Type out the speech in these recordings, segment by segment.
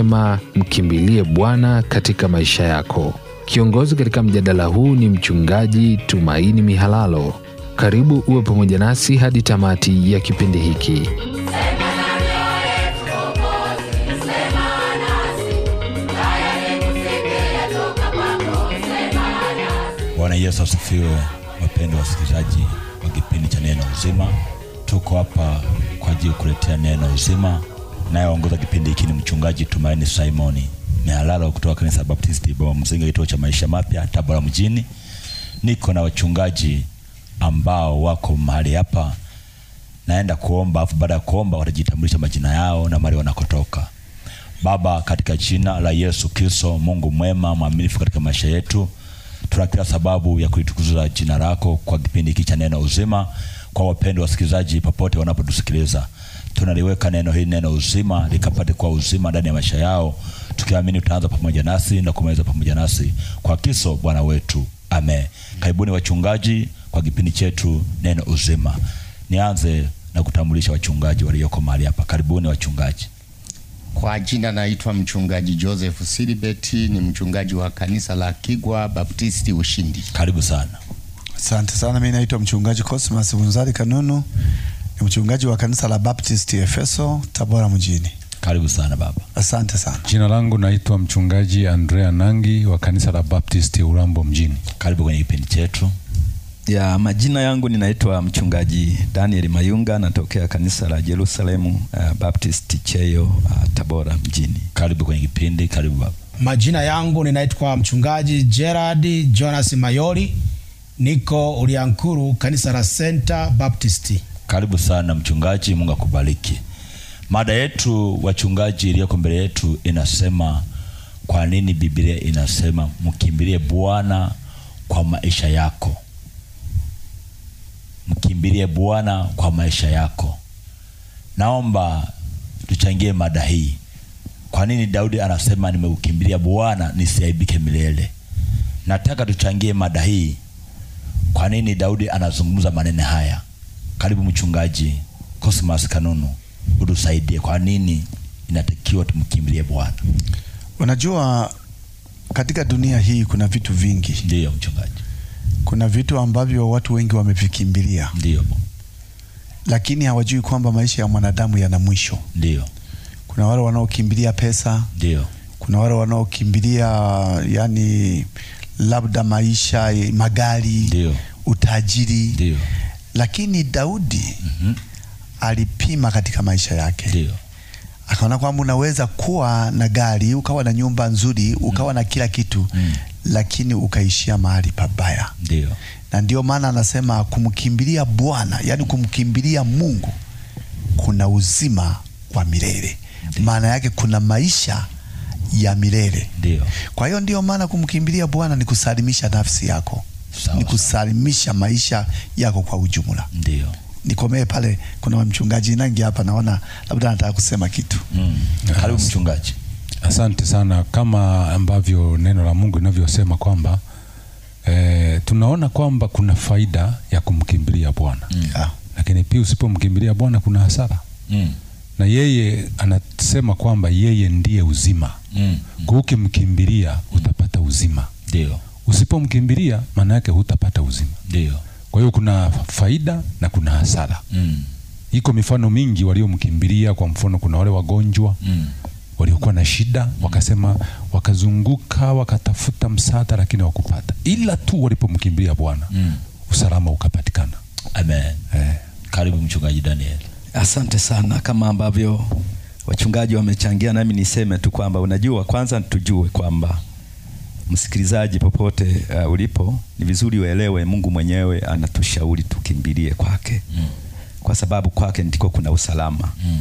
anasema mkimbilie Bwana katika maisha yako. Kiongozi katika mjadala huu ni Mchungaji Tumaini Mihalalo. Karibu uwe pamoja nasi hadi tamati ya kipindi hiki. Bwana Yesu asifiwe. Wapendwa wasikilizaji wa kipindi cha Neno Uzima, tuko hapa kwa ajili ya kuletea neno uzima Nayeongoza kipindi hiki ni mchungaji Tumaini Simoni Mehalalo kutoka kanisa Baptist Boma Mzinga, kituo cha maisha mapya Tabora mjini. Niko na wachungaji ambao wako mahali hapa, naenda kuomba, afu baada ya kuomba watajitambulisha majina yao na mahali wanakotoka. Baba, katika jina la Yesu Kristo, Mungu mwema mwaminifu katika maisha yetu, tuna kila sababu ya kulitukuza jina lako kwa kipindi hiki cha neno uzima, kwa wapendwa wasikilizaji popote wanapotusikiliza tunaliweka neno hili, neno uzima, likapate kwa uzima ndani ya maisha yao, tukiamini utaanza pamoja nasi na kumaliza pamoja nasi kwa kiso Bwana wetu, amen. Karibuni wachungaji kwa kipindi chetu neno uzima. Nianze na kutambulisha wachungaji walioko mahali hapa. Karibuni wachungaji. Kwa jina naitwa mchungaji Joseph Silibeti, ni mchungaji wa kanisa la Kigwa Baptisti Ushindi. Karibu sana. Asante sana. Mimi naitwa mchungaji Cosmas Munzari Kanunu, ni mchungaji wa kanisa la Baptist Efeso Tabora mjini. Karibu sana baba. Asante sana. Jina langu naitwa mchungaji Andrea Nangi wa kanisa la Baptist Urambo mjini. Karibu kwenye kipindi chetu. Ya majina yangu ninaitwa mchungaji Daniel Mayunga natokea kanisa la Jerusalemu uh, Baptist Cheyo uh, Tabora mjini. Karibu kwenye kipindi, karibu baba. Majina yangu ninaitwa mchungaji Gerard Jonas Mayori niko Uliankuru kanisa la Center Baptist. Karibu sana mchungaji, Mungu akubariki. Mada yetu wachungaji, iliyoko mbele yetu inasema, kwa nini Biblia inasema mkimbilie Bwana kwa maisha yako? Mkimbilie Bwana kwa maisha yako. Naomba tuchangie mada hii. Kwa nini Daudi anasema nimeukimbilia Bwana nisiaibike milele? Nataka tuchangie mada hii. Kwa nini Daudi anazungumza maneno haya? Karibu mchungaji Cosmas Kanunu, utusaidie kwa nini inatakiwa tumkimbilie Bwana. Unajua katika dunia hii kuna vitu vingi. Ndiyo mchungaji, kuna vitu ambavyo watu wengi wamevikimbilia, ndiyo, lakini hawajui kwamba maisha ya mwanadamu yana mwisho. Ndiyo, kuna wale wanaokimbilia pesa, ndiyo, kuna wale wanaokimbilia yani labda maisha, magari, ndiyo, utajiri, ndiyo lakini Daudi mm -hmm. alipima katika maisha yake. Ndio. Akaona kwamba unaweza kuwa na gari, ukawa na nyumba nzuri, ukawa mm. na kila kitu mm. lakini ukaishia mahali pabaya. Ndio. Na ndio maana anasema kumkimbilia Bwana, yani kumkimbilia Mungu kuna uzima wa milele. Maana yake kuna maisha ya milele. Kwa hiyo ndio maana kumkimbilia Bwana ni kusalimisha nafsi yako ni kusalimisha maisha yako kwa ujumla. Ndio nikomee pale. Kuna mchungaji Nangi hapa, naona labda anataka kusema kitu mm. Karibu mchungaji. Asante sana, kama ambavyo neno la Mungu linavyosema kwamba e, tunaona kwamba kuna faida ya kumkimbilia Bwana mm. Ah. lakini pia usipomkimbilia Bwana kuna hasara mm. na yeye anasema kwamba yeye ndiye uzima mm. kwa ukimkimbilia utapata uzima Ndio. Usipomkimbilia maana yake hutapata uzima. Ndio. Kwa hiyo kuna faida na kuna hasara. Mm. Iko mifano mingi waliomkimbilia, kwa mfano kuna wale wagonjwa mm. waliokuwa na shida mm. wakasema, wakazunguka wakatafuta msaada, lakini wakupata, ila tu walipomkimbilia Bwana mm. usalama ukapatikana. Amen. Eh. Karibu mchungaji Daniel. Asante sana, kama ambavyo wachungaji wamechangia, nami niseme tu kwamba unajua, kwanza tujue kwamba msikilizaji, popote uh, ulipo, ni vizuri uelewe Mungu mwenyewe anatushauri tukimbilie kwake mm. kwa sababu kwake ndiko kuna usalama mm.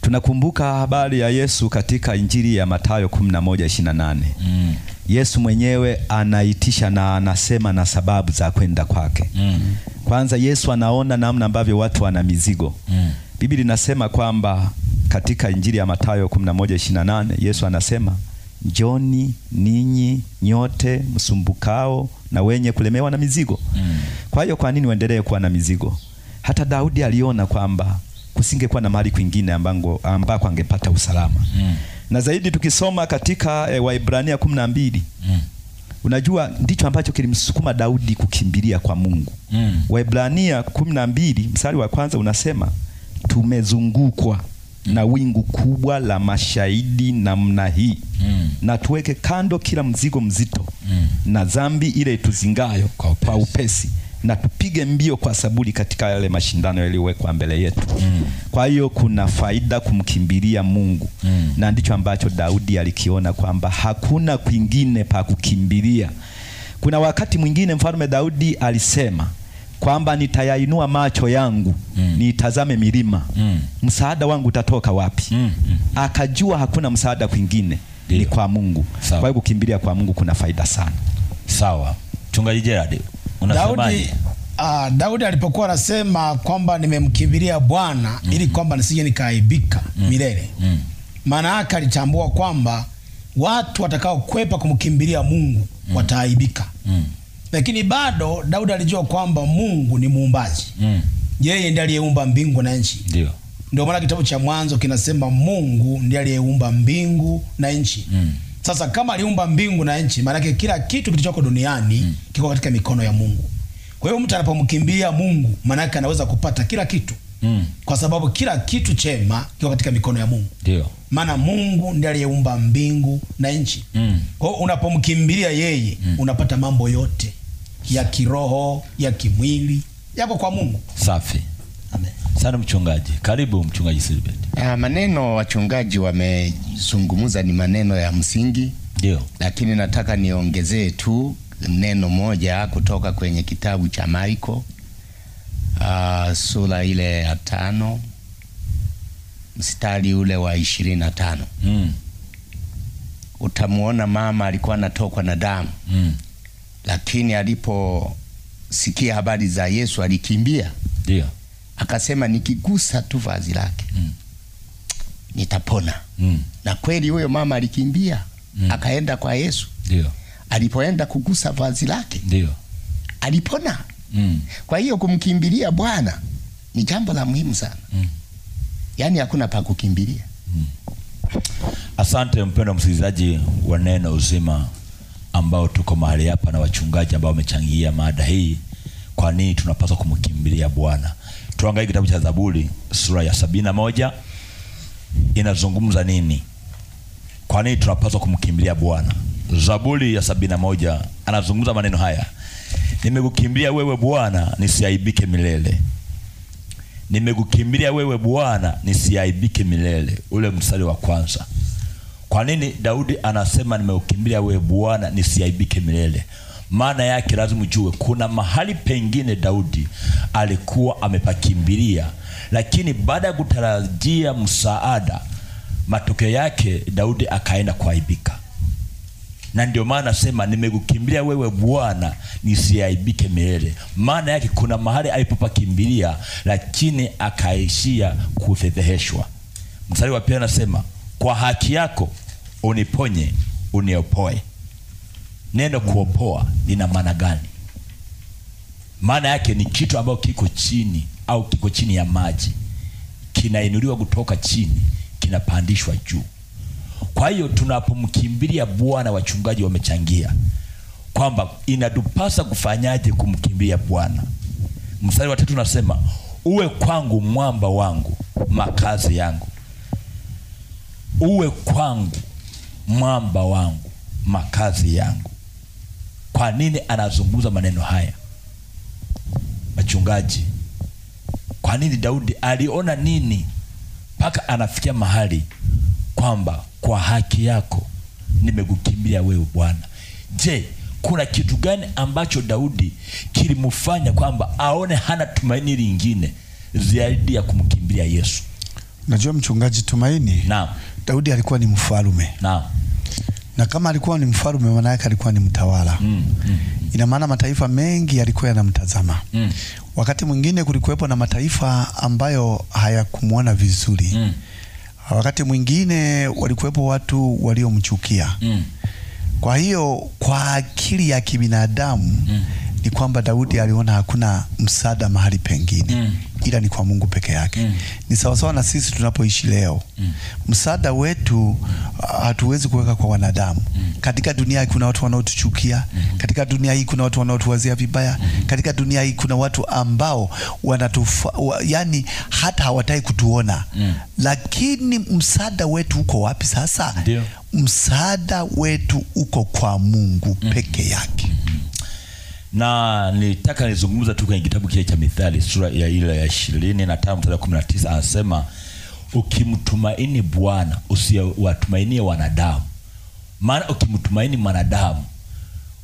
Tunakumbuka habari ya Yesu katika Injili ya Mathayo 11:28. Mm. Yesu mwenyewe anaitisha na anasema na sababu za kwenda kwake. Mm. Kwanza Yesu anaona namna ambavyo watu wana mizigo. Mm. Biblia inasema kwamba katika Injili ya Mathayo 11:28 Yesu anasema Njoni ninyi nyote msumbukao na wenye kulemewa na mizigo. Mm. Kwa hiyo kwa nini uendelee kuwa na mizigo? Hata Daudi aliona kwamba kusingekuwa na mahali kwingine ambango ambako angepata usalama. Mm. Na zaidi tukisoma katika e, Waibrania mbili. Mm. Unajua ndicho ambacho kilimsukuma Daudi kukimbilia kwa Mungu. Mm. Waibrania 12 mstari wa kwanza unasema tumezungukwa na wingu kubwa la mashahidi namna hii mm. na tuweke kando kila mzigo mzito mm. na dhambi ile tuzingayo kwa upesi, kwa upesi na tupige mbio kwa saburi katika yale mashindano yaliyowekwa mbele yetu mm. Kwa hiyo kuna faida kumkimbilia Mungu mm. na ndicho ambacho Daudi alikiona kwamba hakuna kwingine pa kukimbilia. Kuna wakati mwingine mfalme Daudi alisema kwamba nitayainua macho yangu mm. niitazame milima mm. msaada wangu utatoka wapi? mm. Mm. Akajua hakuna msaada kwingine Dio. ni kwa Mungu. Sawa. Kwa hiyo kukimbilia kwa Mungu kuna faida sana. Sawa, mchungaji Gerald, unasemaje? Uh, Daudi alipokuwa anasema kwamba nimemkimbilia Bwana mm -hmm. ili kwamba nisije nikaaibika mm -hmm. milele mm -hmm. yake alitambua kwamba watu watakaokwepa kumkimbilia Mungu mm -hmm. wataaibika mm -hmm lakini bado Daudi alijua kwamba Mungu ni muumbaji mm. Yeye ndiye aliyeumba mbingu na nchi. Ndio ndio maana kitabu cha Mwanzo kinasema Mungu ndiye aliyeumba mbingu na nchi mm. Sasa kama aliumba mbingu na nchi, maanake kila kitu kilichoko duniani mm. kiko katika mikono ya Mungu. Kwa hiyo mtu anapomkimbia Mungu, maanake anaweza kupata kila kitu mm. kwa sababu kila kitu chema kiko katika mikono ya Mungu. Ndio maana Mungu ndiye aliyeumba mbingu na nchi mm. Kwa hiyo unapomkimbilia yeye mm. unapata mambo yote ya kiroho, ya kimwili yako kwa Mungu. Safi. Amen. Sana mchungaji. Karibu mchungaji Silbert. Ah, maneno wachungaji wamezungumza ni maneno ya msingi. Ndio. Lakini nataka niongezee tu neno moja kutoka kwenye kitabu cha Marko uh, ah, sura ile ya tano mstari ule wa ishirini na tano mm. Utamuona mama alikuwa anatokwa na damu mm lakini aliposikia habari za Yesu alikimbia, ndio akasema nikigusa tu vazi lake mm. nitapona mm. na kweli huyo mama alikimbia mm. akaenda kwa Yesu. Ndio alipoenda kugusa vazi lake ndio alipona mm. kwa hiyo kumkimbilia Bwana ni jambo la muhimu sana mm. yaani hakuna pa kukimbilia mm. Asante mpendwa msikilizaji wa Neno Uzima ambao tuko mahali hapa na wachungaji ambao wamechangia mada hii, kwa nini tunapaswa kumkimbilia Bwana. Tuangalie kitabu cha Zaburi sura ya sabini na moja inazungumza nini, kwa nini tunapaswa kumkimbilia Bwana. Zaburi ya sabini na moja anazungumza maneno haya: nimekukimbilia wewe Bwana, nisiaibike milele nimekukimbilia wewe Bwana, nisiaibike milele. Ule mstari wa kwanza kwa nini Daudi anasema nimeukimbilia wewe Bwana nisiaibike milele? Maana yake lazima ujue kuna mahali pengine Daudi alikuwa amepakimbilia, lakini baada ya kutarajia msaada, matokeo yake Daudi akaenda kuaibika. Na ndio maana nasema nimekukimbilia wewe Bwana nisiaibike milele. Maana yake kuna mahali alipopakimbilia, lakini akaishia kufedheheshwa. Mstari wa pili anasema kwa haki yako uniponye, uniopoe. Neno kuopoa lina maana gani? Maana yake ni kitu ambayo kiko chini au kiko chini ya maji, kinainuliwa kutoka chini, kinapandishwa juu. Kwa hiyo tunapomkimbilia Bwana, wachungaji wamechangia kwamba inatupasa kufanyaje kumkimbilia Bwana. Mstari wa tatu nasema uwe kwangu mwamba wangu, makazi yangu, uwe kwangu mwamba wangu, makazi yangu. Kwa nini anazungumza maneno haya, machungaji? Kwa nini Daudi aliona nini mpaka anafikia mahali kwamba kwa haki yako nimekukimbilia wewe Bwana? Je, kuna kitu gani ambacho Daudi kilimfanya kwamba aone hana tumaini lingine zaidi ya kumkimbilia Yesu? Najua mchungaji, tumaini naam Daudi alikuwa ni mfalume na, na kama alikuwa ni mfalume maana yake alikuwa ni mtawala mm, mm. Ina maana mataifa mengi yalikuwa yanamtazama mm. Wakati mwingine kulikuwepo na mataifa ambayo hayakumwona vizuri mm. Wakati mwingine walikuwepo watu waliomchukia mm. Kwa hiyo kwa akili ya kibinadamu mm ni kwamba Daudi aliona hakuna msaada mahali pengine mm. ila ni kwa Mungu peke yake mm. Ni sawasawa na sisi tunapoishi leo mm. msaada wetu uh, hatuwezi kuweka kwa wanadamu mm. Katika dunia hii kuna watu wanaotuchukia mm. Katika dunia hii kuna watu wanaotuwazia vibaya mm. Katika dunia hii kuna watu ambao wanatufa, wa, yani hata hawatai kutuona mm. Lakini msaada wetu uko wapi sasa? Ndio. Msaada wetu uko kwa Mungu mm. peke yake na nitaka nizungumza tu kwenye kitabu kile cha Mithali sura ya ile ya ishirini na tano mstari kumi na tisa anasema ukimtumaini Bwana usiwatumainie wanadamu, maana ukimtumaini mwanadamu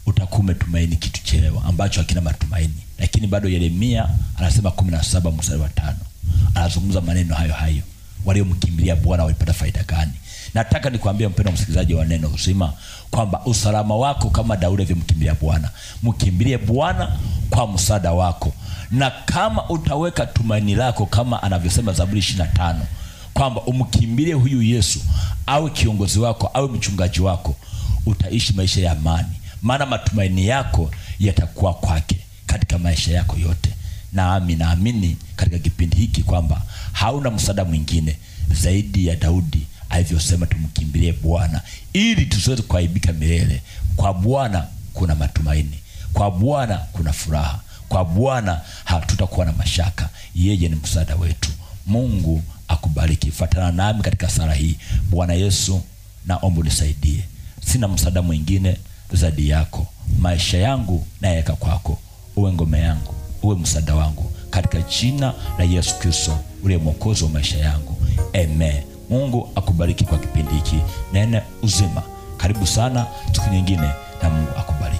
utakuwa umetumaini kitu chelewa ambacho hakina matumaini. Lakini bado Yeremia anasema kumi na saba mstari wa tano anazungumza maneno hayo hayo, waliomkimbilia Bwana walipata faida gani? Nataka nikwambie mpendwa msikilizaji wa neno uzima kwamba usalama wako kama Daudi alivyomkimbilia Bwana, mkimbilie Bwana kwa msaada wako, na kama utaweka tumaini lako kama anavyosema Zaburi ishirini na tano kwamba umkimbilie huyu Yesu awe kiongozi wako, awe mchungaji wako, utaishi maisha ya amani, maana matumaini yako yatakuwa kwake katika maisha yako yote. Naami naamini katika kipindi hiki kwamba hauna msaada mwingine zaidi ya Daudi alivyosema tumkimbilie Bwana ili tusiweze kuaibika milele. Kwa Bwana kuna matumaini, kwa Bwana kuna furaha, kwa Bwana hatutakuwa na mashaka. Yeye ni msaada wetu. Mungu akubariki. Fatana nami katika sala hii. Bwana Yesu, naomba unisaidie, sina msaada mwingine zaidi yako. Maisha yangu nayaweka kwako, uwe ngome yangu, uwe msaada wangu, katika jina la Yesu Kristo uliye mwokozi wa maisha yangu, amen. Mungu akubariki kwa kipindi hiki, nene uzima. Karibu sana siku nyingine, na Mungu akubariki.